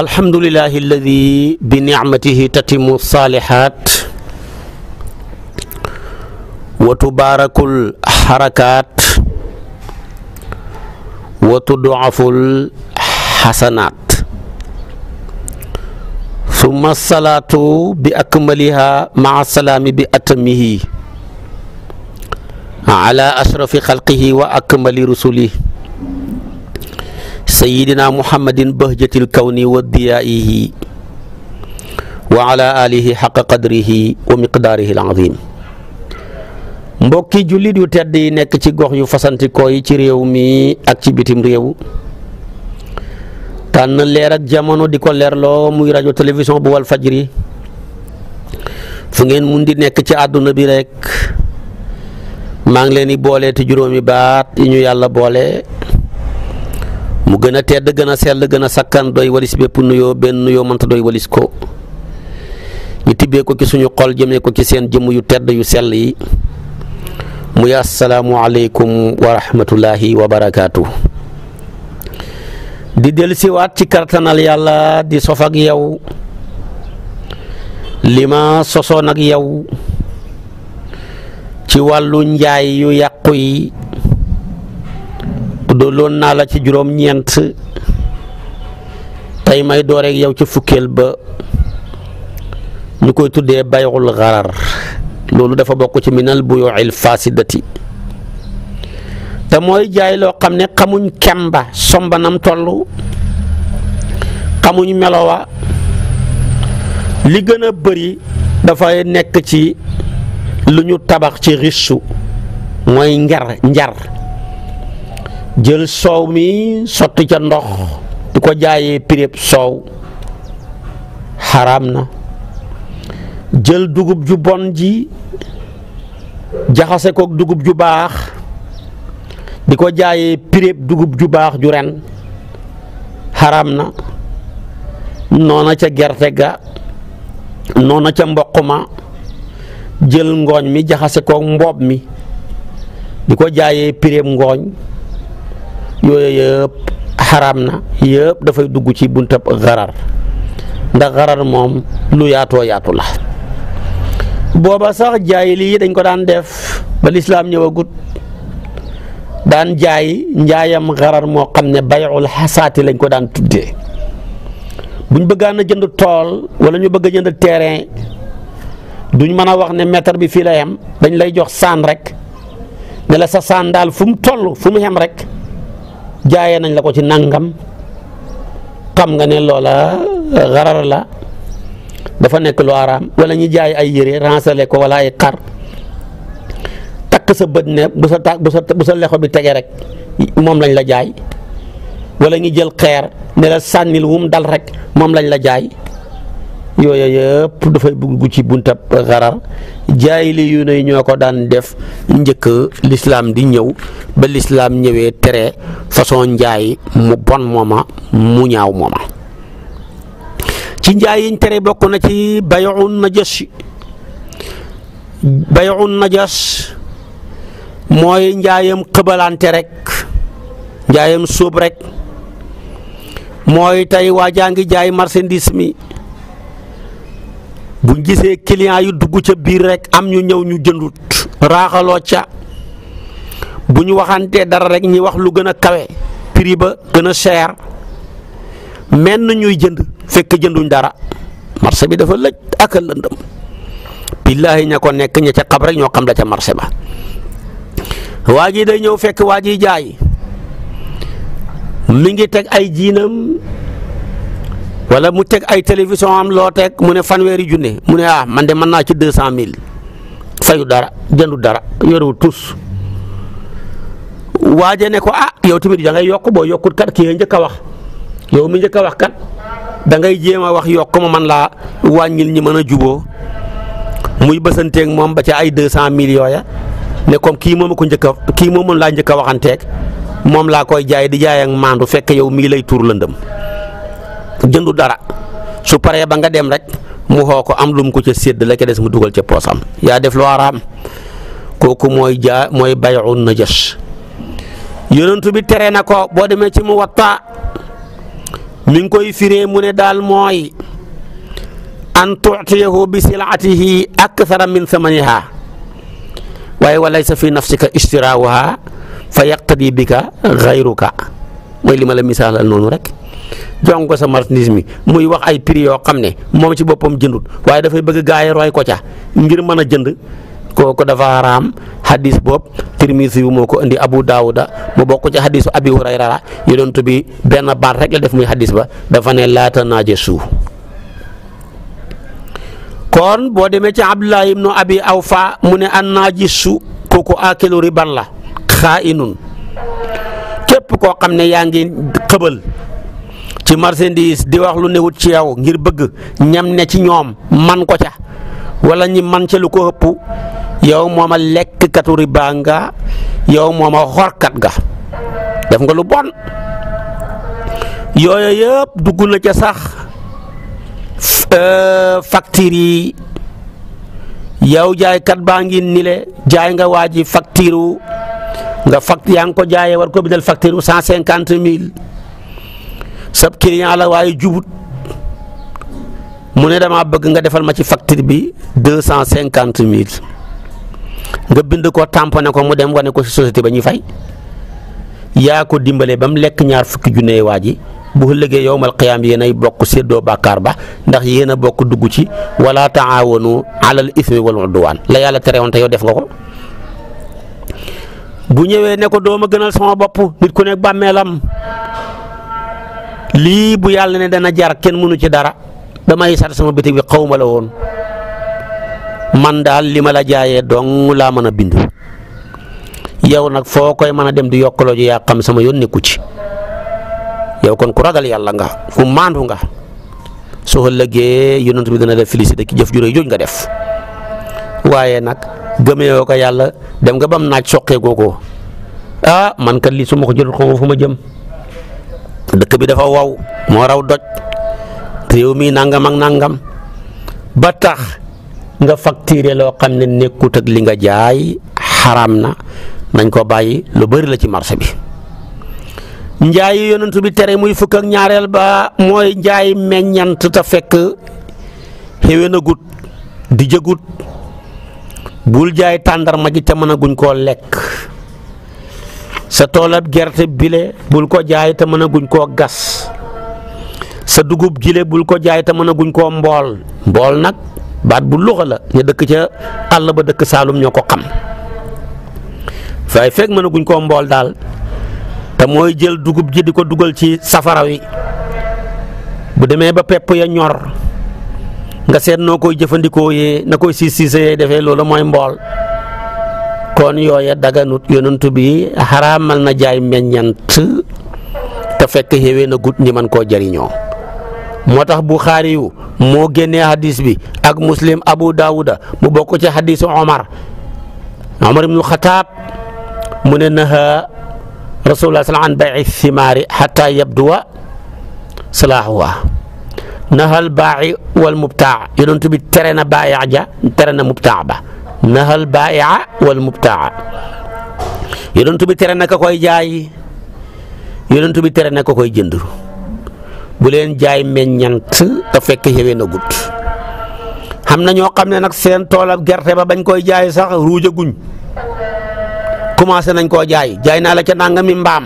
alhamdulillahi alladi bi nicmatihi tatimu saalihaat wa tubaarakul xarakaat wa tudaful xasanaat summa salaatu bi akmaliha maa salaami bi atamihi ala ashrafi xalqihi wa akmali rusulihi sayyidina muhammadin bahjatil kawni wa diyaa'ihi wa ala alihi xaqa qadrihi wa miqdaarihi al mbokki jullit yu tedd yi nekk ci gox yu fasantikoo yi ci réew mi ak ci bitim réew tànn leer ak jamono di ko leerloo muy rajo télévision bu wal fajri fu ngeen mun di nekk ci àdduna bi rek maa ngi leen di boole te juróomi baat yi ñu yàlla boole mu gën a tedd gën a sell gën a sakkan doy walis bépp nuyoo benn nuyoo mënta doy walis ko ñu tibbee ko ci suñu xol jëmee ko ci seen jëmm yu tedd yu sell yi muy assalaamu aleykum wa rahmatullahi wa barakaatu di dellusiwaat ci kartanal yàlla di sof ak yow li ma sosoon ak yow ci wàllu njaay yu yàqu yi tuddaloon naa la ci juróom-ñeent tey may dooreeg yow ci fukkeel ba ñu koy tuddee bayul xarar loolu dafa bokk ci minal buyuil fasidati te mooy jaay loo xam ne xamuñ kemba sombanam toll xamuñ melowa li gën a bëri dafay nekk ci lu ñu tabax ci risu mooy njar njar jël soow mi sotti ca ndox di ko jaayee pirép soow xaraam na jël dugub ju bon ji jaxase kook dugub ju baax di ko jaayee pirép dugub ju baax ju ren xaraam na noona ca gerte ga noona ca mboq ma jël ngooñ mi jaxase kook mboob mi di ko jaayee pirép ngooñ yooyu yëpp xaraam na yëpp dafay dugg ci buntab xarar ndax xarar moom lu yaatoo yaatu la booba sax jaay lii dañ ko daan def ba lislaam ñëwagut daan jaay njaayam xarar moo xam ne bayul xasaati lañ ko daan tuddee buñ bëggaan jënd tool wala ñu bëgg jënd terrain duñ mën a wax ne mètre bi fii la yam dañ lay jox saan rek ne sa saan daal fu mu toll fu mu xem rek jaaye nañ la ko ci nangam xam nga ne loola xarar la dafa nekk lu araam wala ñu jaay ay yére ransale ko wala ay xar takk sa bët ne bu sa ta bu sa bu lexo bi tege rek moom lañ la jaay wala ñu jël xeer ne la sànnil wum dal rek moom lañ la jaay yooya yëpp dafay bugg ci bunta xarar jaahiliyuuna yi ñoo ko daan def njëkk lislaam di ñëw ba lislaam ñëwee tere façon njaay mu bon mooma mu ñaaw mooma ci njaay yiñ tere bokk na ci bayu najas bayu mooy njaayam xëbalante rek njaayam suub rek mooy tey waa jaa ngi jaay marchandise bu gisee client yu dugg ca biir rek am ñu ñëw ñu jëndut raaxaloo ca bu ñu waxantee dara rek ñi wax lu gën a kawe prix ba gën a cher menn ñuy jënd fekk jënduñ dara marché bi dafa lëj ak a lëndëm billaahi ña ko nekk ña ca xam rek ñoo xam la ca marché ba waa ji day ñëw fekk waa jaay mi ngi teg ay jiinam wala mu teg ay télévision am loo teg mu ne fanweeri junne mu ne ah man de mën naa ci deux cent mille fayu dara jëndu dara yorewul tus waaje ne ko a ah yow tamit da ngay yokk boo yokkut kat ki njëkk a wax yow mu njëkka a wax kat da ngay jéem a wax yokk ma man laa wàññil ñi mën a juboo muy bësanteeg moom ba ca ay deux cent mille yooya ne comme kii moom ko njëkk kii moom laa njëkk a waxanteeg moom laa koy jaay di jaay ak maandu fekk yow mii lay tuur lëndëm jëndu dara su paree ba nga dem rek mu xoo ko am lum ko ca sedd la ca des mu dugal ca poosam yaa def lu araam kooku mooy jaa mooy bayu najas yonentu bi tere na ko boo demee ci mu watta mi ngi koy firee mu ne daal mooy an tuutiyahu bi silatihi akthara min thamaniha waaye walaysa fi nafsika ishtiraawuha fa yaqtadi bika gayruka mooy li ma la misaalal noonu rek jong sa marchandise mi muy wax ay prix yoo xam ne moom ci boppam jëndut waaye dafay bëgg gaa yi roy ko ca ngir mën a jënd kooko dafa haram hadis boobu Tirmisi yu moo ko indi Abu Daawuda mu bokk ca hadisu Abi Hurayra yonent bi benn baat rek la def muy hadis ba dafa ne laata laa su kon boo demee ci Abdullah ibnu Abi Awfa mu ne an su kooku akilu riban la xaa inun képp koo xam ne yaa ngi xëbal ci marchandise di wax lu newut ci yow ngir bëgg ñam ne ci ñoom man ko ca wala ñi man ca lu ko ëpp yow mooma lekk katu riba nga yow mooma xorkat ga def nga lu bon yooyu yëpp dugg na ca sax euh, factures yi yow jaaykat baa ngi nile le jaay nga waa ji facture nga fact yaa ngi ko jaayee war ko bindal facture cent cinquante mille sab client la waaye jubut mu ne damaa bëgg nga defal ma ci facture bi deux cent cinquante mille nga bind ko ne ko mu dem wane ko ci société ba ñuy fay yaa ko dimbale ba mu lekk ñaar fukki junne waa ji bu ëllëgee yowmal qiyaam yéen ay bokk séddoo bakkaar ba ndax yéen a bokk dugg ci wala taawanu alal ismi wal udwaan la yàlla tere woon yow def nga ko bu ñëwee ne ko doo gënal sama bopp nit ku nekk bàmmeelam lii bu yàlla ne dana jar kenn mënu ci dara damay sat sama bitig bi xaw la woon man daal li ma la jaayee dong laa mën a bind yow nag foo koy mën a dem di yokkaloo ji yaa xam sama yoon nekku ci yow kon ku ragal yàlla nga ku maandu nga soo ëllëgee yonent bi dana la félicité ki jëf juróoy jooj nga def waaye nag gëmee ko yàlla dem nga bam naaj soqee kookoo ah man kat lii su ma ko jël xaw fu ma jëm. dëkk bi dafa waw moo raw doj réew mii nangam ak nangam ba tax nga faktiire loo xam ne nekkut ak li nga jaay xaraam na nañ ko bàyyi lu bari la ci marché bi. njaayi yonentu bi tere muy fukk ak ñaareel ba mooy njaay meññant a fekk xéwénagut di jëgut bul jaay tàndarma ji te mën a guñ koo lekk. sa toolab gerte bile bul ko jaay te mën a guñ koo gas sa dugub jile bul ko jaay te mën a guñ koo mbool mbool nag baat bu luxa la ñu dëkk ca àll ba dëkk saalum ñoo ko xam waaye fekk mën a guñ koo mbool daal te mooy jël dugub ji di ko dugal ci safara wi bu demee ba pepp ya ñor nga seet noo koy jëfandikoo yee na koy siis siise yee defee loolu mooy mbool kon yooya daganut yonent bi xaraamal na jaay meññant te fekk xéwee na gut ñi man koo jëriñoo moo tax Buxaari yu moo génnee hadis bi ak muslim Abu Dawuda mu bokk ci hadisu Omar Omar ibnul Xataab mu ne naha rasulullah sal an bay thimaari xata yabduwa salaahuwa nahal baaxi mubtaa yonent bi tere na baayaa ja tere na mubtaa ba nahal baaia wal mubtaa yonent bi tere na ka koy jaay yonent bi tere na ka koy jënd bu leen jaay meññant te fekk xeween a gut xam na ñoo xam ne nag seen toolab gerte ba bañ koy jaay sax ruuja guñ commencé nañ koo jaay jaay naa la ca mi mbaam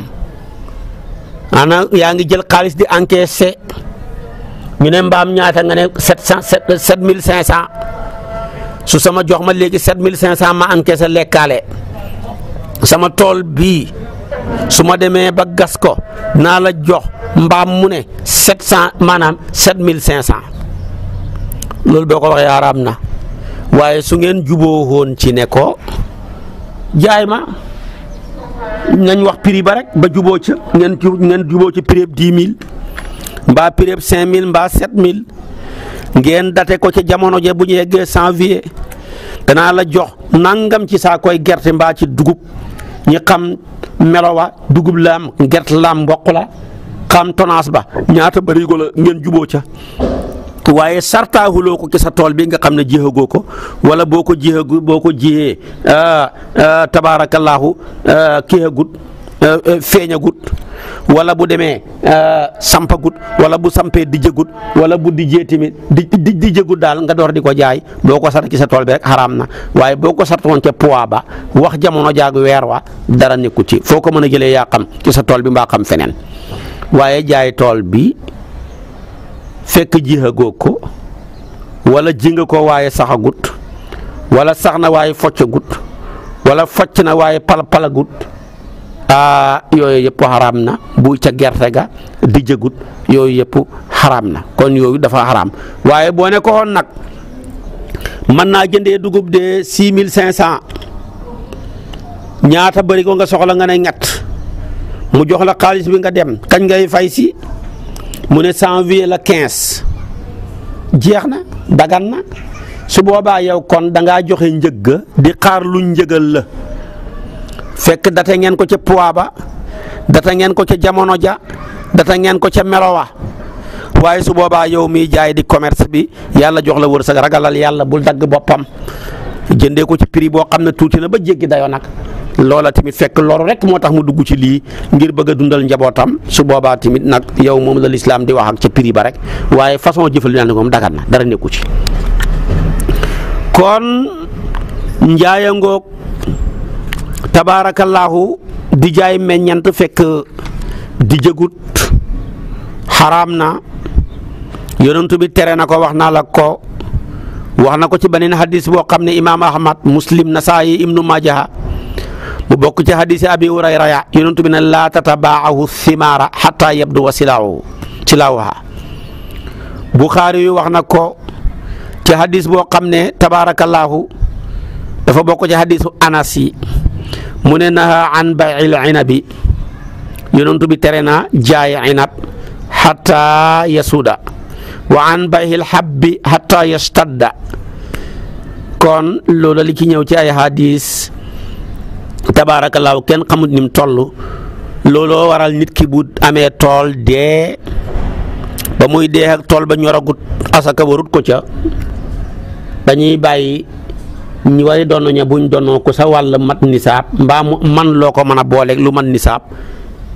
ana yaa ngi jël xaalis di encaissé ñu ne mbaam ñaata nga ne sept cent sept mille cinq cent su sama jox ma léegi sept mille cinq cent ma encaissé lekkaale sama tool bii su ma demee ba gas ko naa la jox mbaam mu ne sept cent maanaam sept mille cinq cent loolu boo ko waxee araam na waaye su ngeen juboo woon ci ne ko jaay ma nañ wax piri ba rek ba juboo ca ngeen ngeen juboo ci prix dix mille mbaa prix cinq mille mbaa sept mille ngeen date ko ci jamono jee bu ñu yeggee janvier danaa la jox nangam ci saa koy gerte mbaa ci dugub ñi xam melowa dugub la am gerte la mboq la xam tonnage ba ñaata barigo la ngeen juboo ca waaye sartaahuloo ko ci sa tool bi nga xam ne jéexagoo ko wala boo ko jéexagu boo ko jéexee ah, ah, tabaarakallaahu ah, kéexagut Euh, euh, feeñagut wala bu demee euh, sampagut wala bu sampee dijjagut wala bu dijjee tamit di di dijjagut daal nga door di ko jaay boo ko sart ci sa tool bi rek xaraam na waaye boo ko sartoon ca poids ba wax jamono jaag weer wa dara nekku ci foo ko mën a jëlee yaa ci sa tool bi mbaa feneen waaye jaay tool bi fekk jihagoo ko wala ji nga ko waaye saxagut wala sax na waaye foccagut wala focc na waaye palpalagut Ah, yooyu yëpp xaraam na bu ca gerte ga di jëgut yooyu yëpp xaraam na kon yooyu dafa xaraam waaye boo ne ko nag mën naa jëndee dugub de six mille cinq cent ñaata bëri nga soxla nga ne ñett mu jox la xaalis bi nga dem kañ ngay fay si mu ne janvier la quinze jeex na dagan na su boobaa yow kon danga ngaa njëg njëgg di xaar luñ njëgal la. fekk date ngeen ko ca poids ba data ngeen ko ca jamono ja data ngeen ko ca melowa waaye su boobaa yow miy jaay di commerce bi yàlla jox la war wërsëg ragalal yàlla bul dagg boppam jëndee ko ci prix boo xam ne tuuti na ba jéggi dayoo nag loola tamit fekk loru rek moo tax mu dugg ci lii ngir bëgg a dundal njabootam su boobaa tamit nag yow moom la lislaam di wax ak ca prix ba rek waaye façon jëfal jëfandikoo moom dagan na dara nekku ci kon njaaya tabaarakallaahu di jaay meññant fekk di jëgut xaraam na yonentu bi tere na ko wax naa la ko wax na ko ci beneen hadis boo xam ne imaam ahmad muslim nasaayi ibnu majaha mu bokk ci hadisi abi hurayra ya yonentu bi ne laa tatabaahu thimaara xataa yabdu wa silaahu silaaha buxaari yu wax na ko ci hadis boo xam ne tabaarakallaahu dafa bokk ci hadisu anas mu ne naha an bayil inabi yonentu bi tere na jaay inab xataa yasuuda wa an bayil xabbi xataa yastadda kon loola li ci ñëw ci ay hadis tabaarakallaahu kenn xamut nim toll looloo waral nit ki bu amee tool dee ba muy dee ak tool ba ñoragut asaka warut ko ca dañuy bàyyi ñu wari donn ña buñ donnoo ko sa wàll mat nisaab mbaa mu man loo ko mën a booleeg lu man nisaab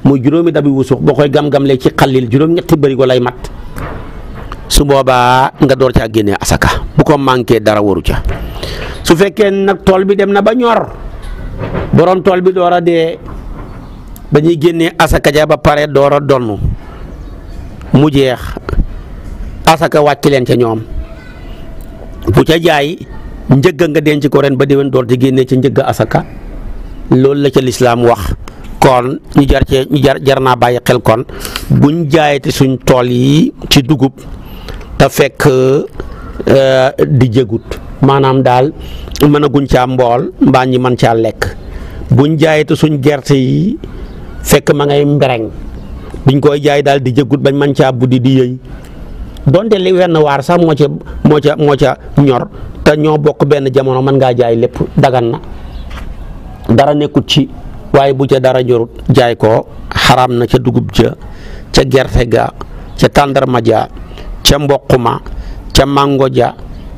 muy juróomi dabi wusux boo koy gam-gamlee ci xalil juróom-ñetti bërigo lay mat su boobaa nga door caa génnee asaka bu ko manqué dara waru ca su fekkee nag tool bi dem na ba ñor borom tool bi door a dee dañuy génnee asaka ja ba pare door a donn mu jeex asaka wàcc leen ca ñoom bu ca jaay. njëgg nga denc ko ren ba déwén door di génnee ci njëgg asaka loolu la ca lislaam wax kon ñu jar cee ñu jar naa bàyyi xel kon buñ jaayati suñ tool yi ci dugub te fekk euh, di jëgut maanaam daal mënaguñ caa mbool mbaa ñi mën caa lekk buñ jaayati suñ gerte yi fekk ma ngay mbereng biñ koy jaay daal di jëgut bañ mën caa buddi di yëy donte li wenn waar sax moo ca moo ca moo ca ñor te ñoo bokk benn jamono mën ngaa jaay lépp dagan na dara nekkut ci waaye bu ca dara jorut jaay ko xaraam na ca dugub ja ca gerte ga ca tàndarma ja ca mboq ma ca mango ja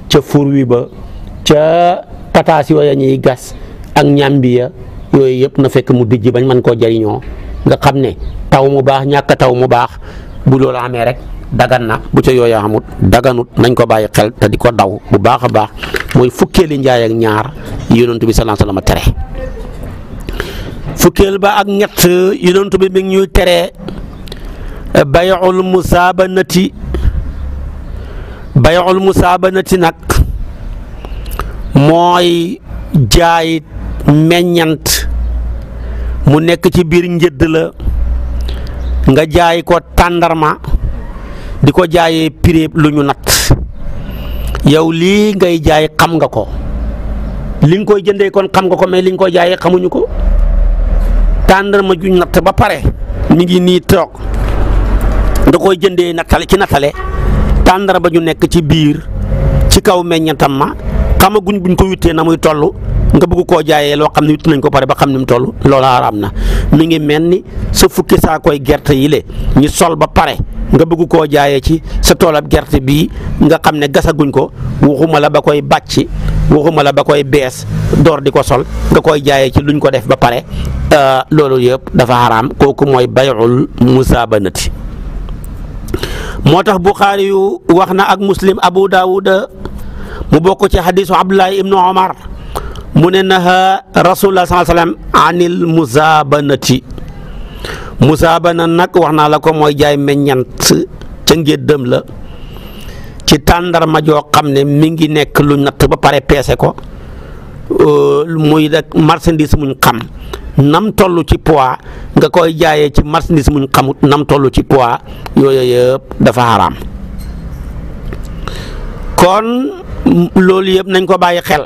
ca furi ba ca pataas yooya ñuy gas ak ñambi ya yooyu yëpp na fekk mu dijj bañ mën koo jariñoo nga xam ne taw mu baax ñàkk taw mu baax bu loolu amee rek dagan na bu ca yooyu amut daganut nañ ko bàyyi xel te di ko daw bu baax a baax mooy fukkeeli njaay ak ñaar yonent bi sallallahu alayhi tere fukkeel ba ak ñett yonent bi mi ngi ñuy tere bay'ul musaabanati bay'ul musaabanati nag mooy jaay meññant mu nekk ci biir njëdd la nga jaay ko tàndarma di ko jaayee prix lu ñu natt yow lii ngay jaay xam nga ko li nga koy jëndee kon xam nga ko mais li nga koy jaayee xamuñu ko tàndarma juñ natt ba pare mi ngi nii toog da koy jëndee nattale ci nattale tàndara ba ñu nekk ci biir ci kaw meññatam ma xamaguñ buñ ko wittee na muy toll nga bëgg koo jaayee loo xam ne witt nañ ko pare ba xam ni mu toll loolu araam na mu ngi mel ni sa fukki saa koy gerte yi le ñu sol ba pare nga bëgg koo jaayee ci sa toolab gerte bii nga xam ne gasaguñ ko waxuma la ba koy bàcc waxuma la ba koy bees door di ko sol nga koy jaayee ci luñ ko def ba pare euh, loolu yëpp dafa araam kooku mooy bayul musaabanati moo tax Buxaari yu wax na ak muslim Abu Daawuda mu bokk ci hadisu Abdullahi Ibnu Omar. mu ne na naha rasulullah sallallahu alayhi ba sallam anil ba musaabana nag wax naa la ko mooy jaay meññant ca ngéddam la ci tàndarma joo xam ne mi ngi nekk lu natt ba pare peese ko euh, muy rek marchandise muñ xam nam toll ci poids nga koy jaayee ci marchandise muñ xamut nam tollu ci poids yooyu yëpp dafa xaraam kon loolu yëpp nañ ko bàyyi xel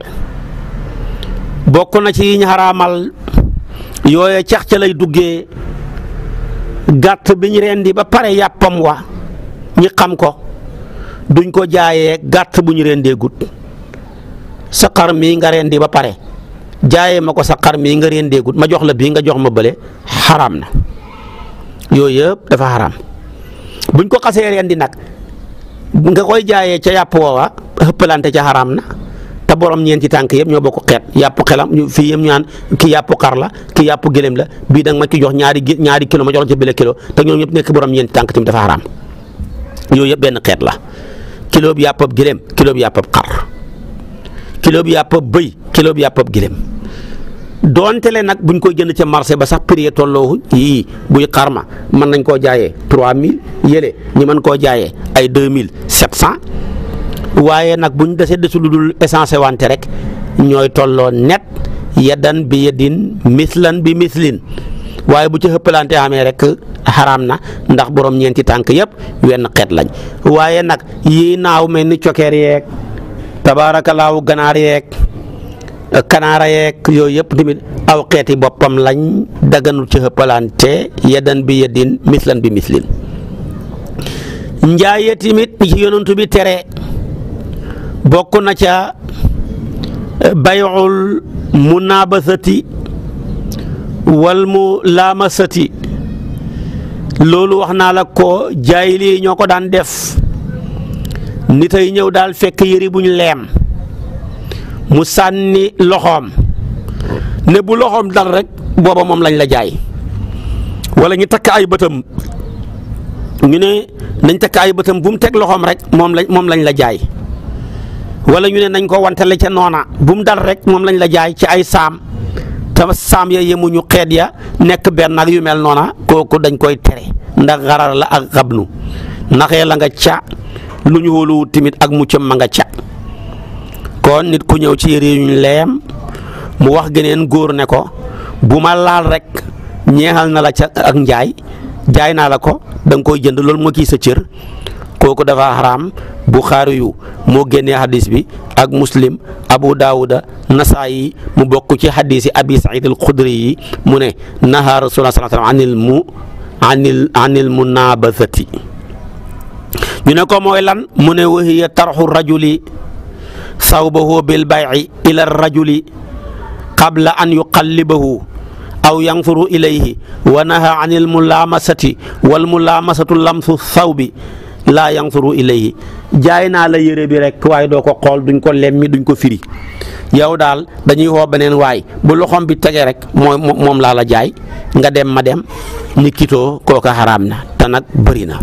bokk na ci yiñ xaraamal yooye cax ca lay duggee gàtt ñu rendi ba pare yàppam wa ñi xam ko duñ ko jaayee gàtt bu ñu rendee gut sa xar mii nga rendi ba pare jaayee ma ko sa xar mii nga rendee gut ma jox la bii nga jox ma bële xaram na yooyu yëpp dafa xaraam buñ ko xasee rendi nag nga koy jaayee ca yàpp woowa xëppalante ca xaram na borom borom ñeenti tànk yëpp ñoo bokk xeet yàpp xelam fii yëpp ñu naan ki yàpp xar la ki yàpp gëlëm la bii da ma ci jox ñaari ñaari kilo ma jox la ci bële te ñoom ñëpp nekk borom ñeenti tànk tamit dafa xaraam yëpp benn xeet la kilo bi yàppab kilo bi yàppab xar kilo bi yàppab bëy kilo bi yàppab gëlëm donte le nag buñ koy jënd ca marché ba sax prix tolloo yii buy xarma mën nañ koo jaayee 3000 yële ñu mën koo jaayee ay 2700. waaye nag buñ dese desu lu dul essence wante rek ñooy tolloo net yeddan bi yaddin mislan bi mislin waaye bu ci xëppalante amee rek xaraam na ndax borom ñeenti tànk yëpp wenn xeet lañ waaye nag yi naaw mel ni cokkeer yeeg tabaarakalaaw ganaar yeek kanaara yeek yooyu yëpp tamit aw xeeti boppam lañ daganul ci xëppalante yeddan bi yeddin mislan bi mislin njaaye tamit ci bi tere bokk na ca bayul munaabasati wal mu laamasati loolu wax naa la ko jaayili ñoo ko daan def nit ay ñëw daal fekk yëri buñ leem mu sànni loxoom ne bu loxoom dal rek booba moom lañ la jaay walla ñu takk ay bëtam ñu ne nañ takk ay bëtam bu mu teg loxoom rek moom lañ moom lañ la jaay wala ñu ne nañ ko wantale ca noona bu dal rek moom lañ la jaay ci ay saam te saam ya yemuñu xeet ya nekk benn ak yu mel noona kooku dañ koy tere ndax xarar la ak xabnu naxee la nga ca lu ñu wóoluwut tamit ak muccam ma nga ca ko nit ku ñëw ci yére yuñ leem mu wax geneen góor ne ko bu ma laal rek ñeexal na la ca ak njaay jaay naa la ko da koy jënd loolu moo kii sa cër kooku dafa xaraam buxaari yu moo génnee xadis bi ak muslim abu daawuda nasaa mu bokk ci xadisi abi said al mu ne naha rasulullah sallallahu alayhi wa sallam anil mu anil anil munabasati ñu ne ko mooy lan mu ne wahiya tarxu rajuli sawbahu bil bay'i ila rajuli qabla an yuqallibahu aw yanfuru ilayhi wa naha anil mulaamasati wal mulaamasatu lamsu sawbi laa yanzuru ilayhi jaay naa la yére bi rek waaye doo ko xool duñ ko lemmi duñ ko firi yow daal dañuy woo beneen waay bu loxoom bi tege rek mooy moom laa la jaay nga dem ma dem ni kitoo kooka xaraam na te nag bëri na.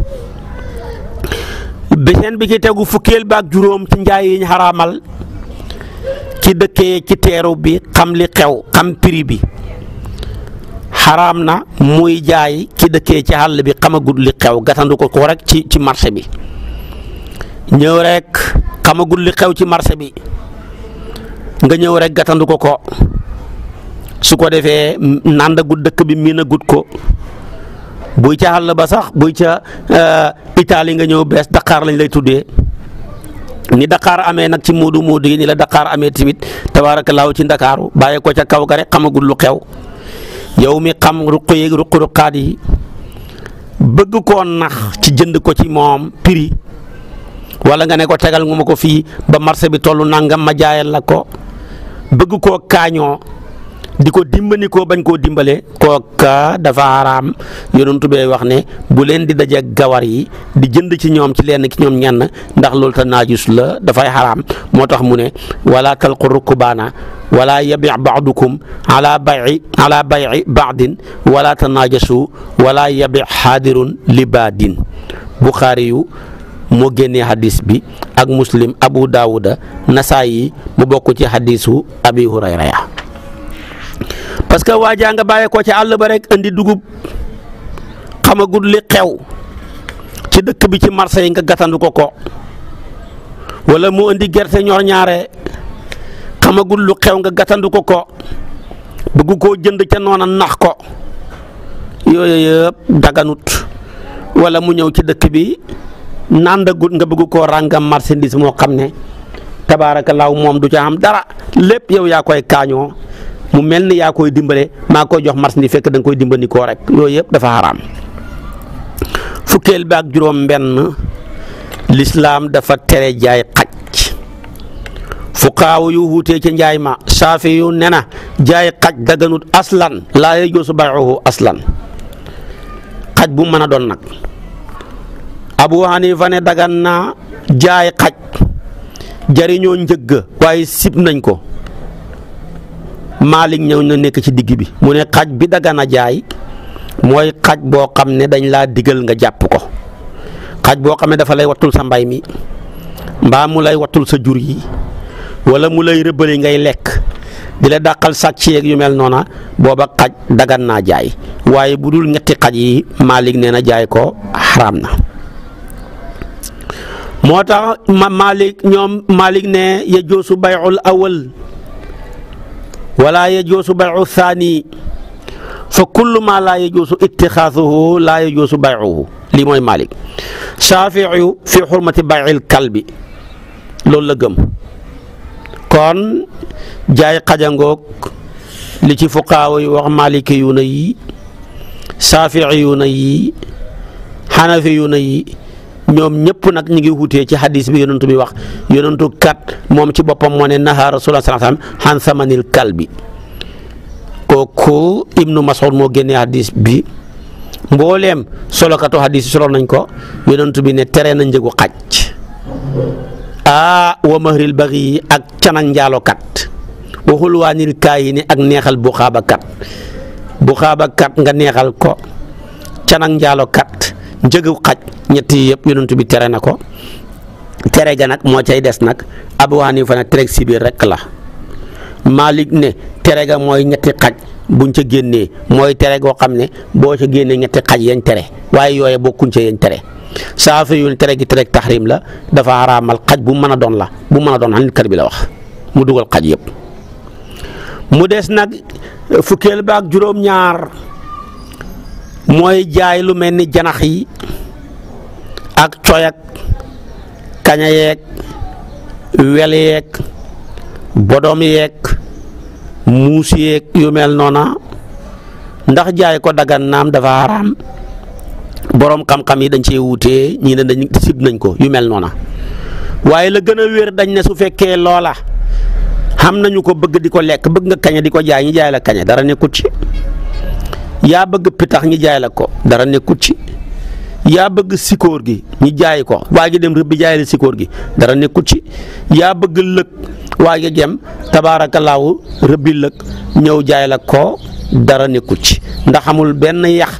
beneen bi ci tegu fukkeel ba juróom ci njaay yiñ xaraamal ci dëkkee ci teeru bi xam li xew xam prix bi. xaraam na muy jaay ki dëkkee ci àll bi xamagul li xew gatandu ko ko rek ci ci marché bi ñëw rek xamagul li xew ci marché bi nga ñëw rek gatandu ko ko su ko defee nàndagut dëkk bi miinagut ko buy ca àll ba sax buy ca euh, Italie nga ñëw bees Dakar lañ lay tuddee ni Dakar amee nag ci muudu muudu yi ni la daqaar amee tamit laaw ci Ndakaaru bàyyi ko ca kaw gare rek xamagul lu xew. yow mi xam ruq yeeg ruq ruqaat bëgg koo nax ci jënd ko ci moom prix wala nga ne ko tegal nga ma ko fii ba marché bi tollu nangam ma jaayal la ko bëgg koo kaañoo. di ko dimbali ko bañ koo dimbale kooka dafa araam yonent bi wax ne bu leen di dajeeg gawar yi di jënd ci ñoom ci lenn ci ñoom ñenn ndax loolu ta naajus la dafay araam moo tax mu ne wala talqu rukbaana wala yabi' ba'dukum ala bay'i ala bay'i ba'din wala tanaajasu wala yabi' haadirun li baadin Buxaari yu moo génnee hadis bi ak muslim Abu Daawuda yi mu bokk ci hadisu Abi Hurayra parce que waajaa nga bàyyee ko ci àll ba rek indi dugub xamagut li xew ci dëkk bi ci marché yi nga gàttandu ko ko walla mu indi gerte ñor ñaare xamagut lu xew nga gàttandu ko ko bëgg koo jënd ca noona nax ko yooyu yëpp daganut wala mu ñëw ci dëkk bi nàndagut nga bëgg koo ràngam marchandise moo xam ne tabaarakallaahu moom du ca am dara lépp yow yaa koy kaañoo. mu mel ni yaa koy dimbale maa koy jox marchandise fekk da koy dimbali koo rek yooyu yëpp dafa xaraam fukkeel ba ak juróom mbenn lislaam dafa tere jaay xaj fuqaaw yu wuutee ci njaay ma saafi yu ne jaay xaj daganut aslan laa yajuusu bay'uhu aslan xaj bu mën a doon nag abu hanifa ne dagan na jaay xaj jariñoo njëgg waaye sib nañ ko Malick ñëw na nekk ci digg bi mu ne xaj bi dagan a jaay mooy xaj boo xam ne dañ laa digal nga jàpp ko xaj boo xam ne dafa lay wattul sa mbay mi mbaa mu lay wattul sa jur yi wala mu lay rëbbali ngay lekk di la dàqal sàcc yeeg yu mel noona booba xaj dagga naa jaay waaye bu dul ñetti xaj yi Malick ne na jaay ko xaraam na moo tax ma Malick ñoom Malick ne ya joosu bayul awal wala yajuusu baycu thaani fa kullu ma laa yajuusu ittixaasuhu laa yajuusu baycuhu lii mooy Malik Shaafiiyu fi xurmati baycil kalbi loolu la gëm kon jaay xajangoog li ci fuqaaw yi wax maliki yu na yi Shaafiiyu na yi xanafi yu na yi ñoom ñëpp nag ñu ngi wutee ci hadis bi yonantu bi wax yonantu kat moom ci boppam moo ne naha rasulullah sallallahu alayhi wasallam han samanil kalbi kooku ibnu Mas'ud moo génnee hadis bi mbooleem solokatu hadis solo nañ ko yonantu bi ne tere na njëgu xaj aa wa mahril baghi ak cana njaalokat waxul waanil kaayini ak neexal bu xaaba kat bu xaaba kat nga neexal ko cana njaalokat njëgu xaj ñett yëpp yëpp yonent bi tere na ko tere ga nag moo cay des nag Abu Hanifa ne tere si biir rek la Malik ne tere ga mooy ñetti xaj buñ ca génnee mooy tere goo xam ne boo ca génnee ñetti xaj yañ tere waaye yooye bokkuñ ca yañ tere saafi yu tere gi tere taxrim la dafa araamal xaj bu mën a doon la bu mën a doon xanit kër bi la wax mu dugal xaj yëpp mu des nag fukkeel ba juróom-ñaar. mooy jaay lu mel ni janax yi ak coyak kaña yeeg wel yeeg bodom yeeg muus yeeg yu mel noona ndax jaay ko dagan naam dafa haram boroom xam-xam yi dañ cee wuutee ñii ne dañ sib nañ ko yu mel noona waaye la gën a wér dañ ne su fekkee loola xam nañu ko bëgg di ko lekk bëgg nga kaña di ko jaay ñi jaay la kaña dara nekkut ci yaa bëgg pitax ñi jaay la ko dara nekkut ci yaa bëgg sikóor gi ñi jaay ko waa dem rëbbi jaay la sikóor gi dara nekku ci yaa bëgg lëg waa dem tabaarakallaahu rëbbi lëg ñëw jaay la ko dara nekku ci ndax amul benn yax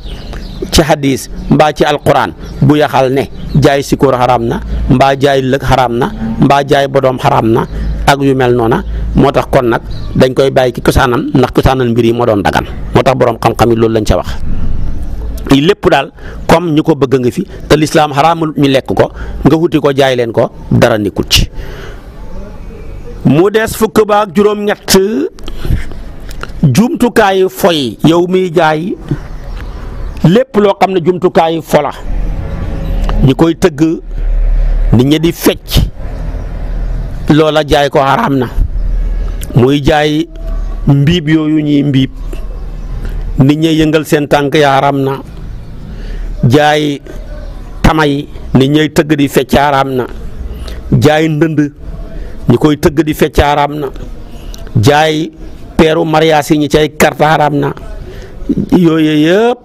ci hadis mbaa ci alxuraan bu yaxal ne jaay sikóor xaraam na mbaa jaay lëg xaraam na mbaa jaay bodoom xaraam na ak yu mel noona moo tax kon nag dañ koy bàyyi ci cosaanam ndax cosaanal mbir yi moo doon dagan moo tax boroom xam-xam yi loolu lañ ca wax yi lépp daal comme ñu ko bëgg nga fi te lislaam xaraamul ñu lekk ko nga wuti ko jaay leen ko dara nekkul ci mu des fukk ba juróom-ñett jumtukaayu foy yow miy jaay lépp loo xam ne jumtukaayu fola ñi koy tëgg nit ñi di fecc loola jaay ko xaraam na muy jaay mbiib yooyu ñuy mbiib nit ñi yëngal seen tànk ya xaraam na jaay tamay nit ñay tëgg di fecc xaraam na jaay ndënd ñi koy tëgg di fecc xaraam na jaay peru mariage yi ñi cay carte xaraam na yooyu yëpp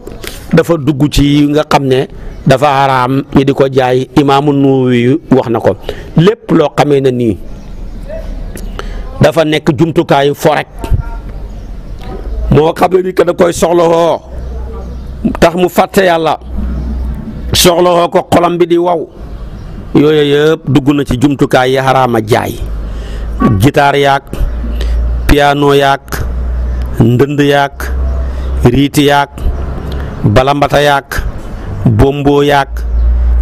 dafa dugg ci nga xam ne dafa xaraam ñi di ko jaay imaamu Nawawi wax na ko lépp loo xamee ne nii dafa nekk jumtukaayu fo forek moo xam ni que da koy soxlawoo tax mu fàtte yàlla soxlawoo ko xolam bi di waw yooyu yëpp dugg na ci jumtukaay yi xaraama jaay gitaar yaag piano yaag ndënd yaag riiti yaag. balambata yaak bombo yaak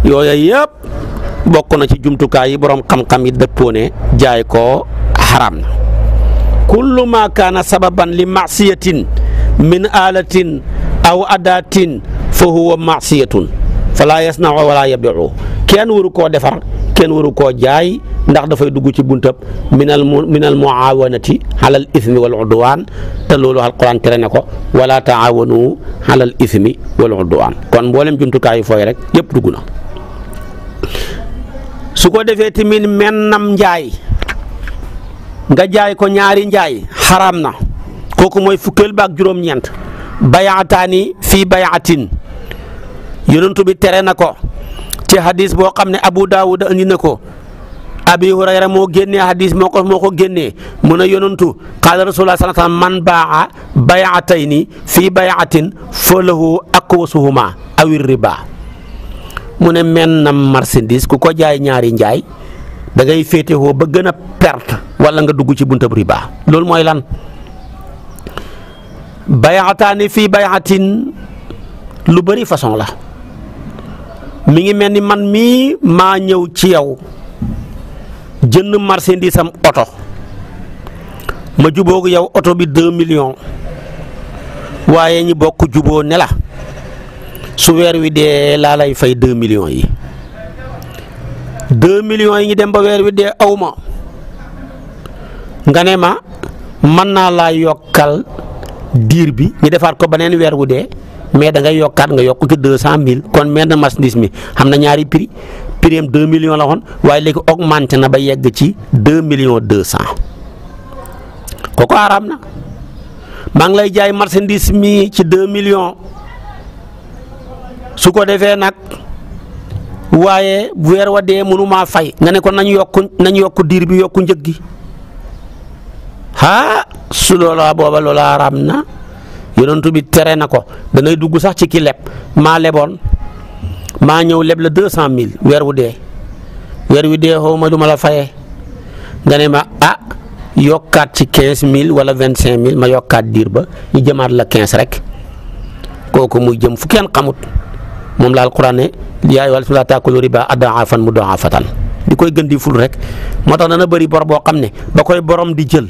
yooya yëpp bokk na ci jumtukaay yi borom xam yi dëppoo jaay ko xaram na ma kaana sababan li masiyatin min alatin aw adatin fa huwa masiyatun fala yasnau wala yabiu kenn waru koo defar kenn waru ko jaay ndax dafay dugg ci buntab minal mu minal muawanati alal ismi wal udwaan te loolu alquran tere ne ko wala taawanu alal ismi wal udwaan kon mboolem jumtukaayu fooy rek yëpp dugg na su ko defee tamit mennam njaay nga jaay ko ñaari njaay xaraam na kooku mooy fukkeel ba ak juróom-ñeent bayaataani fii bayaatin yonent bi tere na ko. ci hadis boo xam ne Abu Daawud indi na ko abi hurayra moo génnee hadis moo ko moo ko génnee mu ne yonantu qaala rasulullah sallallahu alayhi wasallam man baa'a bay'atayni fii bay'atin falahu aqwasuhuma awi riba mu ne men na ku ko jaay ñaari njaay da ngay féetewoo ba gën a perte wala nga dugg ci buntab baa loolu mooy lan bay'ataani fii bay'atin lu bëri façon la mi ngi mel ni man mii maa ñëw ci yow jënd marchandise am oto ma jubóog yow oto bi deux million waaye ñi bokk juboo ne su weer wi dee laa lay fay deux million yi deux million yi ñu dem ba weer wi dee aw ma nga ne ma mën naa laa yokkal diir bi ñu defaat ko beneen weer wu dee mais da ngay yokkaat nga yokk ci deux cent mille kon menn marchandise mi xam na ñaari prix prix am deux million la woon waaye léegi augmenté na ba yegg ci deux millions deux cent kooku araam na maa ngi lay jaay marchandise mi ci deux million su ko defee nag waaye weer wa dee mënumaa fay nga ne ko nañ yokku nañ diir bi yokku njëg gi ah su loola booba loola araam na. yonentu bi tere na ko danay dugg sax ci ki leb maa leboon maa ñëw leb la deux cent mille weer wu dee weer wu dee xaw ma du ma la fayee nga ma ah yokkaat ci quinze mille wala vingt cinq mille ma yokkaat diir ba ñu jëmaat la quinze rek kooku mu jëm fu kenn xamut moom la alquran ne yaa ayyuhal laa taakulu riba ad'aafan fatan di koy gën ful rek moo tax dana bëri bor boo xam ne ba koy borom di jël.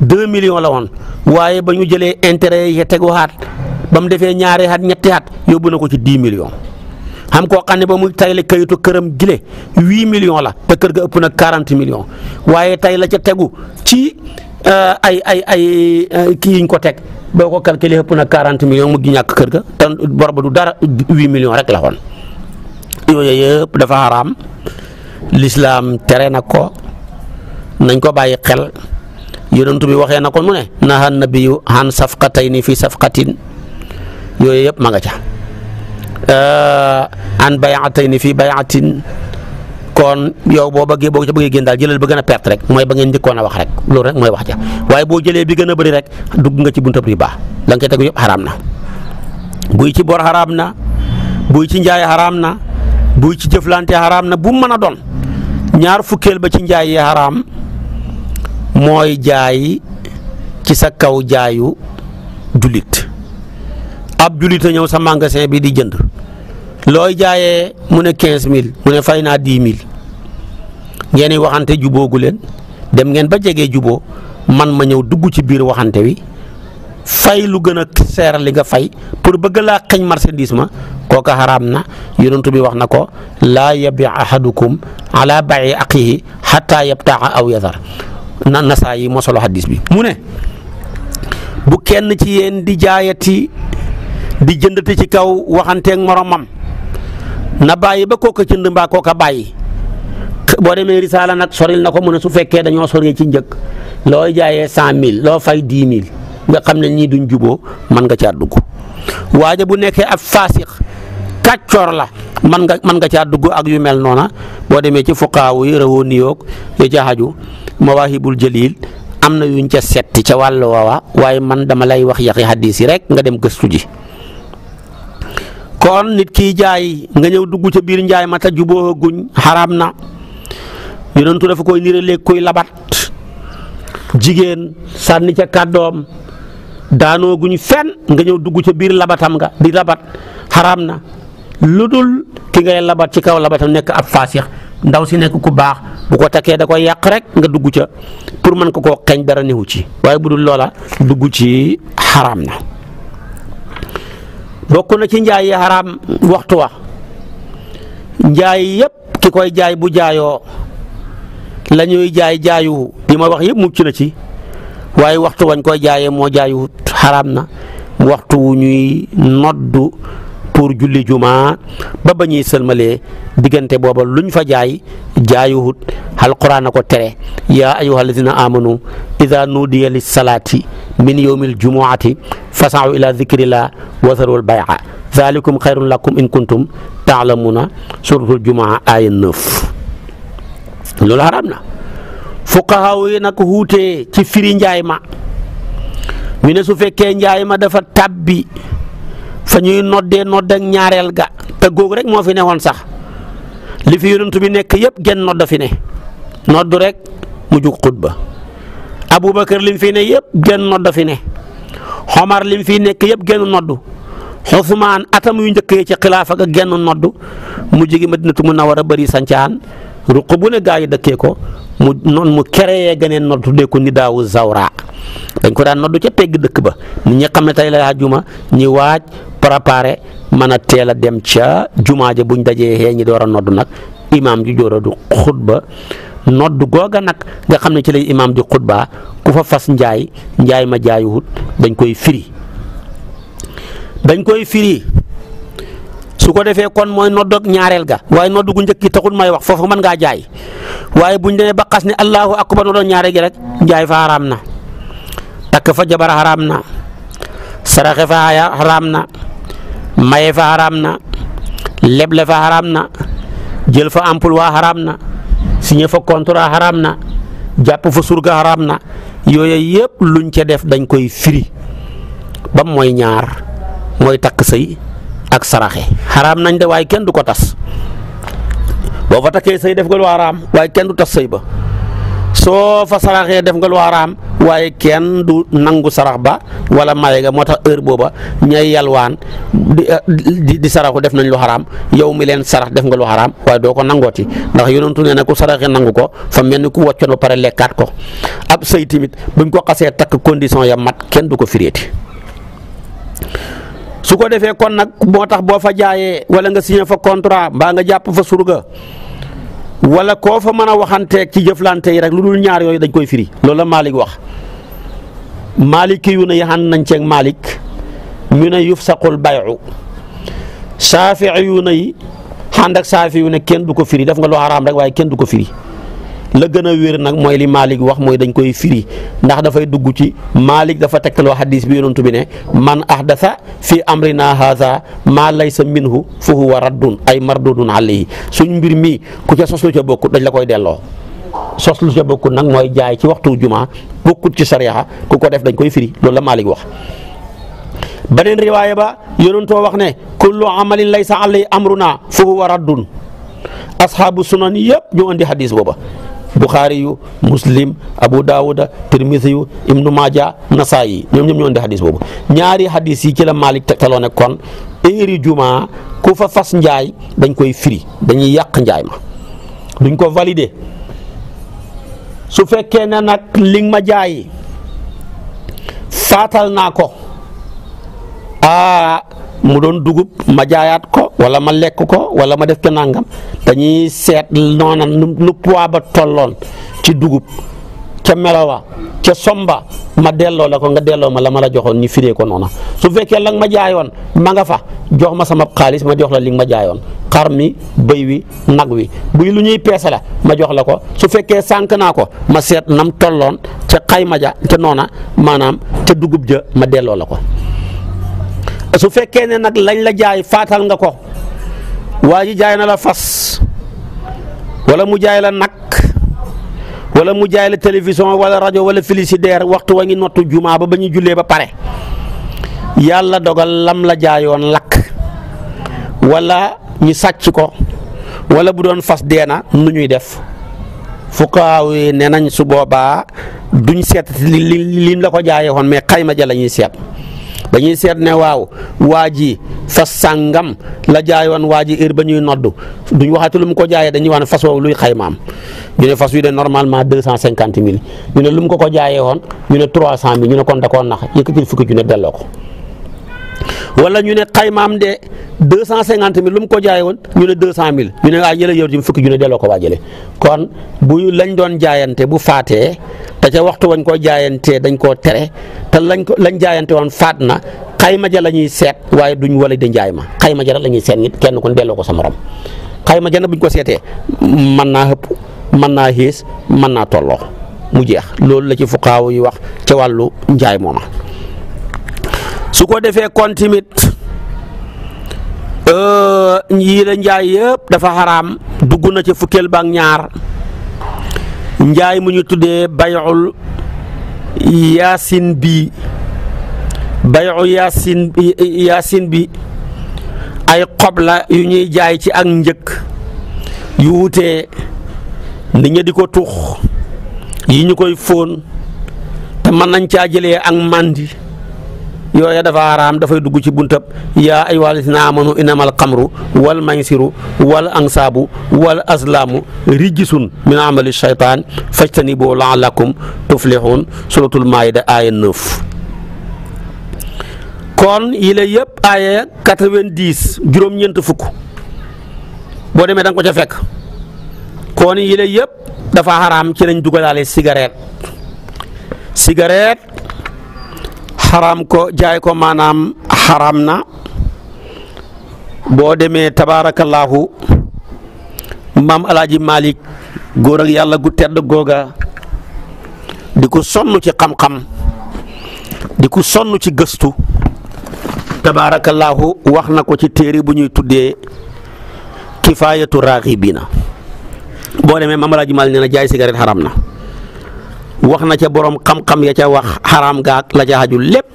deux millions la woon waaye ba ñu jëlee intérêt yi tegu xaat ba mu defee ñaari xaat ñetti xaat yóbbu na ko ci dix million xam koo xam ne ba muy la kayitu këram gile huit million la te kër ga ëpp na quarante millions waaye tay la ca tegu ci euh, ay ay ay euh, kii yiñ ko teg boo ko calculé ëpp na quarante million mu gi ñàkk kër ga te bor ba du dara huit millions rek la woon yooyu yëpp dafa xaraam lislaam tere nag ko nañ ko bàyyi xel. yonent bi waxee na ko mu ne naha nabiyu han safqatayni fi safqatin yooyu yëpp ma nga ca an bayatayni fi bayatin kon yow boo bëggee boo ca bëggee génn daal jëlal ba gën a perte rek mooy ba ngeen njëkkoon a wax rek loolu rek mooy wax ja waaye boo jëlee bi gën a bari rek dugg nga ci buntab riba la nga koy tegu yëpp xaraam na buy ci bor xaraam na buy ci njaay xaraam na buy ci jëflante xaraam na bu mu mën a doon ñaar ba ci njaay yi mooy jaay ci sa kaw jaayu jullit ab jullit a ñëw sa magasin bi di jënd looy jaayee mu ne quinze mille mu ne fay naa dix mille ngeen waxante juboogu leen dem ngeen ba jege juboo man ma ñëw dugg ci biir waxante wi fay lu gën a seer li nga fay pour bëgg laa xëñ marchandise ma kooka xaraam na yonent bi wax na ko laa yabi ahadukum ala bayi aqihi xataa yabtaaxa aw yasar na nasaa yi moo solo bi mu ne bu kenn ci yéen di jaayati di jëndati ci kaw waxanteeg moromam na bàyyi ba kooka jënd mbaa kooka bàyyi boo demee risaala nag soril na ko mu ne su fekkee dañoo soree ci njëkk looy jaayee cent mille loo fay dix mille nga xam ne ñii duñ juboo mën nga caa dugg waaje bu nekkee ab faasix kàccoor la man nga man nga caa dugg ak yu mel noona boo demee ci fuqaawu yi rawoo niyoog ya ca xaju mawaahibul jalil am na yuñ ca setti ca wàll woowa waaye man dama lay wax yaxi xaddiis yi rek nga dem gëstu ji kon nit ki jaay nga ñëw dugg ca biir njaay ma ta juboo guñ xaraam na yonentu dafa koy niraleeg koy labat jigéen sànni ca kàddoom daanoo guñ fenn nga ñëw dugg ca biir labatam nga di labat xaraam na lu dul ki ngay labat ci kaw labatam nekk ab faasix ndaw si nekk ku baax bu ko takkee da koy yàq rek nga dugg ca pour mën ko koo xeeñ dara néewu ci waaye bu dul loola dugg ci xaraam na bokk na ci njaay yi waxtu wa njaay yëpp ki koy jaay bu jaayoo la ñuy jaay jaayu li ma wax yëpp mucc na ci waaye waxtu wañ koy jaayee moo jaayuwut xaraam na waxtu wu ñuy noddu pour julli juma ba ba ñuy sëlmalee diggante booba luñ fa jaay jaayuhut alquran a ko tere yaa ayuha alladina amanu ida nuudiya li salaati min yowmi aljumuati fasaau ila dicrillah wa tharu albay'a dalikum xayrun lakum in kuntum taalamuna suratul jumaa aya 9 loolu xaraam na fuqahaaw yi nag wuutee ci firi njaay ma ñu su fekkee njaay ma dafa tàbbi fa ñuy noddee nodd ñaareel ga te googu rek moo fi newoon sax li fi yonent bi nekk yëpp genn nodd fi ne nodd rek mu jug xutba Aboubacar lim fi ne yëpp genn nodd fi ne Omar lim fi nekk yëpp genn noddu Ousmane atam yu njëkkee ci xilaafa ga genn noddu mu jigi Madinatu a bëri sancaan ruq bu ne gaa yi dëkkee ko mu noonu mu créé geneen nodd tuddee ko ni daawu zawra dañ ko daan noddu ca pegg dëkk ba nit ñi xam ne tey la juma ñi waaj préparé mën a teel a dem ca jumaa ja buñ dajee xee ñi door a nodd nag imaam ji joora du xutba nodd googa nag nga xam ne ci lay imaam di xutba ku fa fas njaay njaay ma jaayuwut dañ koy firi dañ koy firi su ko defee kon mooy noddoog ñaareel ga waaye noddu gu njëkk gi taxul may wax foofu mën ngaa jaay waaye buñ demee ba xas ne allahu akbar noddoog ñaareel gi rek jaay fa xaraam na takk fa jabar xaraam na saraxe fa xaraam na maye fa xaraam na leble fa xaraam na jël fa ampoule waa xaraam na signé fa contrat xaraam na jàpp fa surga xaraam na yooyu yëpp luñ ca def dañ koy firi ba mooy ñaar mooy takk sëy ak saraxe xaraam nañ de waaye kenn du ko tas boo fa takkee sëy def nga lu xaraam waaye kenn du tas sëy ba soo fa saraxee def nga lu xaraam waaye kenn du nangu sarax ba wala maye ga moo tax heure booba ñay yalwaan di eh, di saraxu def nañ lu xaraam yow mi leen sarax def nga lu xaraam waaye doo ko nangooti ndax yonentu tu na ku saraxee nangu ko fa mel ni ku wàccoon ba pare lekkaat ko ab sëy tamit buñ ko xasee takk condition ya mat kenn du ko firéeti su ko defee kon nag moo tax boo fa jaayee wala nga signé fa contrat mbaa nga jàpp fa surga walla koo fa mën a waxanteeg ci jëflante yi rek lu dul ñaar yooyu dañ koy firi loolu la wax Malick ki ne yaxan nañ ceeg Malick ñu ne sa bayu saafi yu ne yi xànd ak saafi yu ne kenn du ko firi def nga lu xaraam rek waaye kenn du ko firi. la gën a wér nag mooy li Malik wax mooy dañ koy firi ndax dafay dugg ci Malik dafa tegtaloo xadis bi yonantu bi ne man ahdasa fi amrina haza maa laysa minhu fa huwa raddun ay mardudun alayhi suñ mbir mi ku ca sos lu dañ la koy delloo sos lu nag mooy jaay ci waxtu jumaa bokkut ci sariya ku ko def dañ koy firi loolu la Malik wax beneen riwaaya ba yonantoo wax ne kullu amalin laysa alayhi amruna fa huwa raddun ashaabu sunan yëpp ñu andi xadis booba buxaari yu muslim abu daawuda tirmisi yu ibnu maaja nasaa yi ñoom ñoom ñoo indi hadis boobu ñaari hadis yi ci Malik tegtaloo ne kon heure juma ku fa fas njaay dañ koy firi dañuy yàq njaay ma duñ ko valider su fekkee ne nag li ma jaay faatal naa ko aa ah, mu doon dugub ma jaayaat ko wala ma lekk ko wala ma def ko nangam dañuy seet noona nu poids ba tolloon ci dugub ca melowa ca somba ma delloo la ko nga delloo ma la ma la joxoon ñu firee ko noona su fekkee la nga ma ma nga fa jox ma sama xaalis ma jox la li nga jaayoon xar mi bëy wi nag wi buy lu ñuy peese ma jox la ko su fekkee sànq naa ko ma seet nam tolloon ca xayma ja ca noona maanaam ca dugub ja ma delloo la ko su fekkee ne nag lañ la jaay faatal nga ko waa ji jaay na la fas wala mu jaay la nag wala mu jaay la télévision wala rajo wala frigidaire waxtu wa ngi nottu jumaa ba ba ñu jullee ba pare yàlla dogal lam la jaayoon lakk wala ñu sàcc ko wala bu doon fas deena nu ñuy def fu yi nee nañ su boobaa duñ seet li li la ko jaayee woon mais xayma ja la ñuy seet. dañuy seet ne waaw waa ji fas sàngam la jaayoon waa ji heure ba ñuy noddu duñ waxati lu mu ko jaayee dañuy wax ne fas woowu luy xaymaam ñu ne fas wi de normalement deux cent cinquante mille ñu ne lu mu ko ko jaayee woon ñu ne trois cent mille ñu ne kon da koo nax yëkkatil fukki ju ne delloo ko. wala ñu ne xaymaam de deux cent cinquante mille lu mu ko jaay ñu ne deux cent mille ñu ne waa jële yow ji fukki ju ne delloo ko waa jële kon bu lañ doon jaayante bu faatee te ca waxtu wañ koo jaayantee dañ koo tere te lañ ko lañ jaayante woon faat na xayma ja la ñuy seet waaye duñ wala de njaay ma xayma ja la ñuy seet nit kenn kun delloo ko sa morom xayma ja nag buñ ko seetee mën naa xëpp mën naa xiis mën naa tolloo mu jeex loolu la ci fuqaaw yi wax ca wàllu njaay mooma su ko defee kon tamit euh, yii la njaay yëpp dafa xaraam dugg na ci fukkeel ba ak ñaar njaay mu ñu tuddee bayul yaasin bi bayu bi ay xob la yu ñuy jaay ci ak njëkk yu wutee nit ñi di ko tux yi ñu koy fóon te mën nañ caa jëlee ak màndi yooya dafa xaraam dafay dugg ci buntab yaa ay wàllis na amanu inamal xamru wal maysiru wal ansaabu wal aslaamu rijsun min amali shaytaan fajtanibu laalakum tuflihun suratul maayida aaya 9 kon yi la yëpp aaya 90 juróom-ñeent fukk boo demee da ko ca fekk kon yi la dafa xaraam ci lañ dugalaale cigarette cigarette xaraam ko jaay ko maanaam xaraam na boo demee tabaarakallaahu maam alaaji Malick góor ak yàlla gu tedd googa di ko sonn ci xam-xam di ko sonn ci gëstu tabaarakallaahu wax na ko ci téere bu ñuy tuddee kifaayatu raaxibiina boo demee maam alaaji Malick nee na jaay cigarette xaraam na wax na ca boroom xam-xam ya ca wax xaraam gaag la ca xajul lépp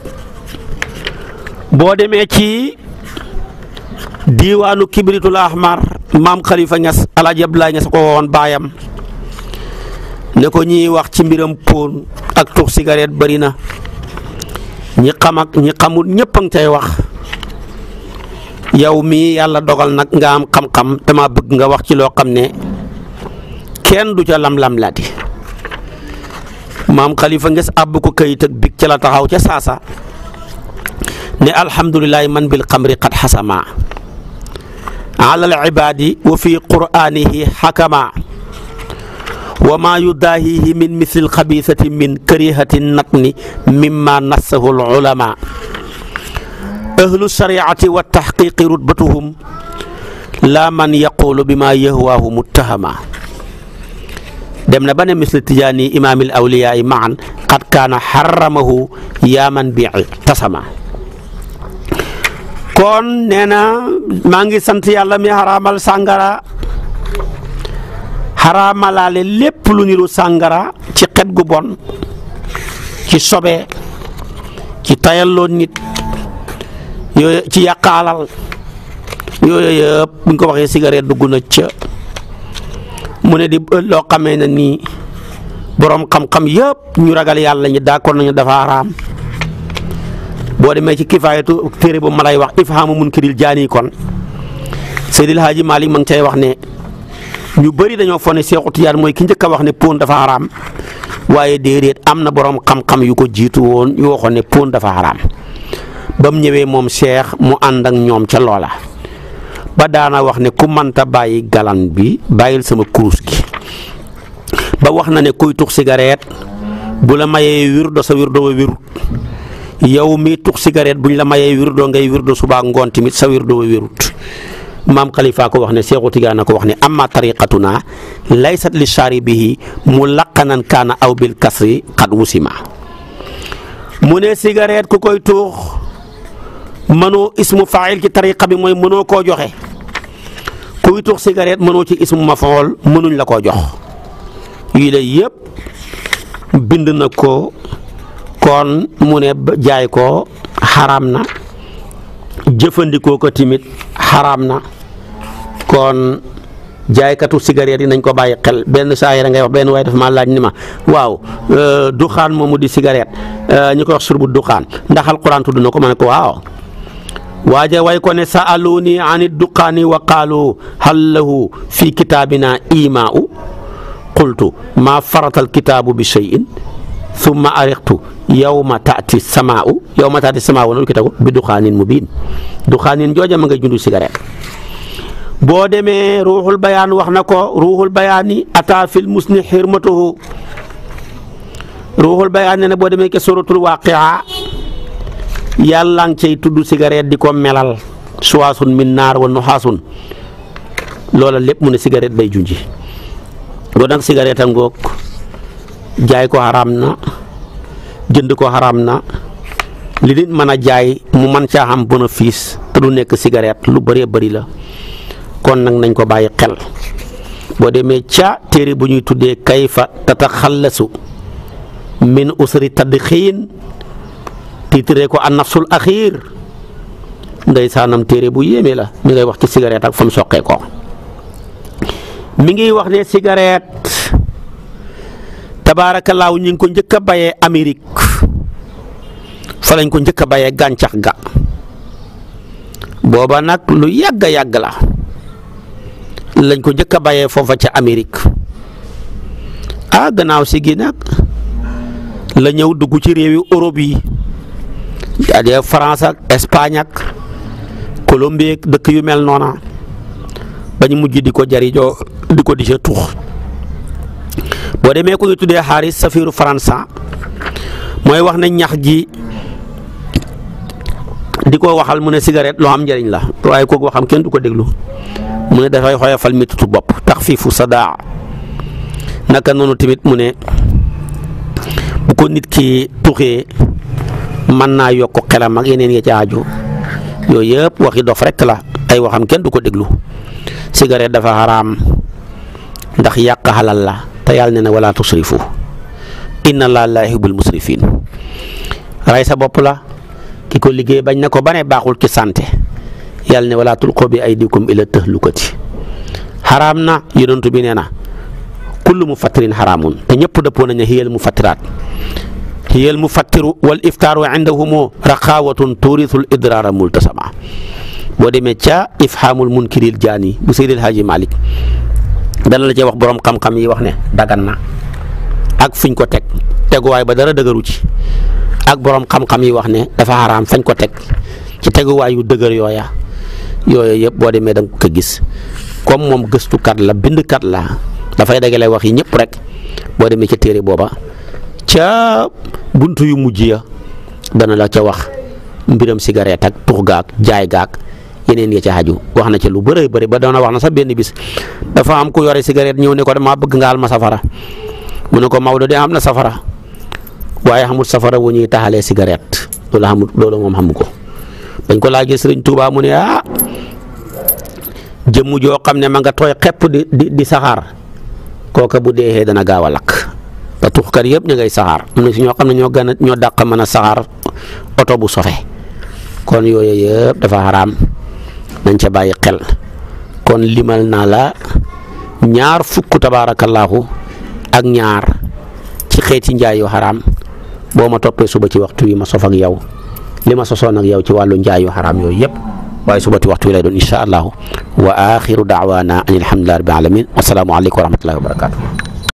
boo demee ci diiwaanu kibritul ahmar maam Khalifa Niass Alaaji Abdoulaye Niass ko woon baayam ne ko ñiy wax ci mbiram póon ak tux cigarette bari na ñi xam ñi xamul ñëpp a ngi cay wax yow mii yàlla dogal nag nga am xam-xam dama bëgg nga wax ci loo xam ne kenn du ca lam-lam laati maam Khalifa Niass àbb ko kayit ak big ca la taxaw ca saasa ne alhamdulilahi man bil xamri qad xasama ala al ibaadi wa fi qur'anihi xakama wa maa yudaahihi min misli alxabiisati min karihati natni mimma nassahu al ulama ahlu shariati wa taxqiqi rutbatuhum laa man yaqulu bima yahwaahu muttahama dem na ba ne misli tijaani imaamil awliyaay maan qad kaana xaramahu yaaman bii tasama kon nee na maa ngi sant yàlla mi xaraamal sàngara xaraamalaale lépp lu niru sàngara ci xet gu bon ci sobe ci tayalloo nit yooyu ci yàqaalal yooyu yëpp bu ñu ko waxee cigarette dugg na ca mu ne di loo xamee na nii boroom xam-xam yëpp ñu ragal yàlla ñi d'accord nañu dafa araam boo demee ci kifaayatu téere bu ma lay wax ifhaamu munkiril jaani kon Seydil Haaji Malick ma ngi cay wax ne ñu bëri dañoo fone Seexu Tijaan mooy ki njëkk a wax ne pon dafa araam waaye déedéet am na boroom xam-xam yu ko jiitu woon yu ne pon dafa araam bam mu ñëwee moom Cheikh mu ànd ak ñoom ca loola. ba daana wax ne ku mënta bàyyi galan bi bàyyil sama kurus gi ba wax na ne kuy tux cigarette bu la mayee wirdo sa wirdo wa wirut yow mi tux cigarette buñ la mayee wirdo ngay wirdo subaa ngoon tamit sa wirdo wa wirut maam ko wax ne Seexu ko wax ne amma tariqatuna laysat li sharibihi mulaqanan kaana aw bil kasri qad wusima mu ne cigarette ku koy tuux mënoo ismu faayil ci tariqa bi mooy mënoo koo joxe kuy tux cigarette mënoo ci ismu mafool mënuñ la koo jox yii la yépp bind na ko kon mu ne jaay ko xaram na jëfandikoo ko tamit xaram na kon jaaykatu cigarette yi nañ ko bàyyi xel benn saa yi ngay wax benn waaye dafa ma laaj ni ma waaw euh, duxaan moomu di cigarette euh, ñu koy wax surbu duxaan ndax alquran tudd na ko ma ne ko waaw. waaja way ko ne sa'aluuni ani duqaani wa qaalu hal lahu fi kitaabina imaa'u qultu maa faratal kitaabu bi shay'in summa ariqtu yawma taati samaa'u yawma taati samaa'u noonu ki tagu bi duxaanin mubiin duxaanin jooja ma ngay jundu cigarette boo demee ruuxul bayaan wax na ko ruuxul bayaani ataa fil musni xirmatuhu ruuxul bayaan ne na boo demee ke suratul waaqia yàlla ngi cay tudd cigarette di ko melal suwaasun min naar wa nuxaasun loola lépp mu ne cigarette bay junji loolu nag cigarette a ngoog jaay ko xaraam na jënd ko xaraam na li nit mën a jaay mu mën caa am bénéfice te du nekk cigarette lu bëree bari la kon nag nañ ko bàyyi xel boo demee ca téere bu ñuy tuddee kayfa tataxallasu min usri tadxiin tiitaree ko an nafsul axiir ndeysaanam téere bu yéeme la mi ngay wax ci cigarette ak fa mu soqee ko mi ngi wax ne cigarette tabaarakallaahu ñi ngi ko njëkk a bayee Amérique fa lañ ko njëkk a bayee gàncax ga booba nag lu yàgg a yàgg la lañ ko njëkk a bayee foofa ci Amérique ah gannaaw si gi nag la ñëw dugg ci réewi Europe yi. yaa France ak Espagne ak dëkk yu mel noona ba mujj di ko jarijoo di ko di sa tuux boo demee ku ñu tuddee xaaris safiiru France mooy wax na ñax ji di ko waxal mu ne cigarette loo xam njëriñ la waaye kooku waxam kenn du ko déglu mu ne dafay xoyofal mettitu bopp taxfiifu sadaa naka noonu tamit mu ne bu ko nit ki tuxee man naa yokk xelam ak yeneen ya ci aaju yooyu yëpp waxi dof rekk la ay waxam kenn du ko déglu cigarette dafa xaraam ndax yàq xalal la te yàlla ne na wala tusrifu inna laa laa yuhibbul musrifin rey sa bopp la ki ko liggéey bañ na ko ba ne baaxul ci santé yàlla ne wala tulqu bi aydikum ila tahlukati xaraam na yonent bi nee na kullu mufattirin xaraamun te ñëpp dëppoo nañ ne mu mufattiraat hiyal mufattiru wal iftaaru indahumu raqaawatun tuurisul idraara multasama boo demee ca ifhaamul munkiril jaani bu Seydil Haaji Malick dana la cee wax boroom xam-xam yi wax ne dagan na ak fiñ ko teg teguwaay ba dara dëgëru ci ak borom xam-xam yi wax ne dafa xaraam fañ ko teg ci teguwaay yu dëgër yooya yooya yëpp boo demee da nga ko gis comme moom gëstukat la bindkat la dafay dagale wax yi ñëpp rek boo demee ca téere booba. ca bunt yu mujj ya dana la ca wax mbiram cigarette ak tux gaag jaay gaag yeneen ya ca xaju wax na ca lu bëree bëri ba doona wax na sax benn bis dafa am ku yore cigarette ñëw ne ko dama bëgg nga al ma safara mu ne ko Maodo de am na safara waaye xamul safara wu ñuy taxalee cigarette loolu xamul loolu moom xamu ko bañ ko laaj si Sëriñ Tuubaa mu ne ah jëmm joo xam ne ma nga tooy xepp di di saxaar kooka bu deexee dana gaaw a lakk te tuxkat yëpp ñu saxaar am na si ñoo xam ne ñoo gën a ñoo dàq mën a saxaar oto bu sofe kon yooyu yëpp dafa xaraam nañ ca bàyyi xel kon limal naa la ñaar fukk tabaarakallaahu ak ñaar ci xeeti njaay yu xaraam boo ma toppee suba ci waxtu wi ma sof ak yow li ma sosoon ak yow ci wàllu njaay yu xaraam yooyu yëpp waaye suba ci waxtu wi lay doon incha allahu wa axiru daawaana an alhamdulillahi rabbil alamin wasalaamu aleykum wa rahmatullahi wa barakatuh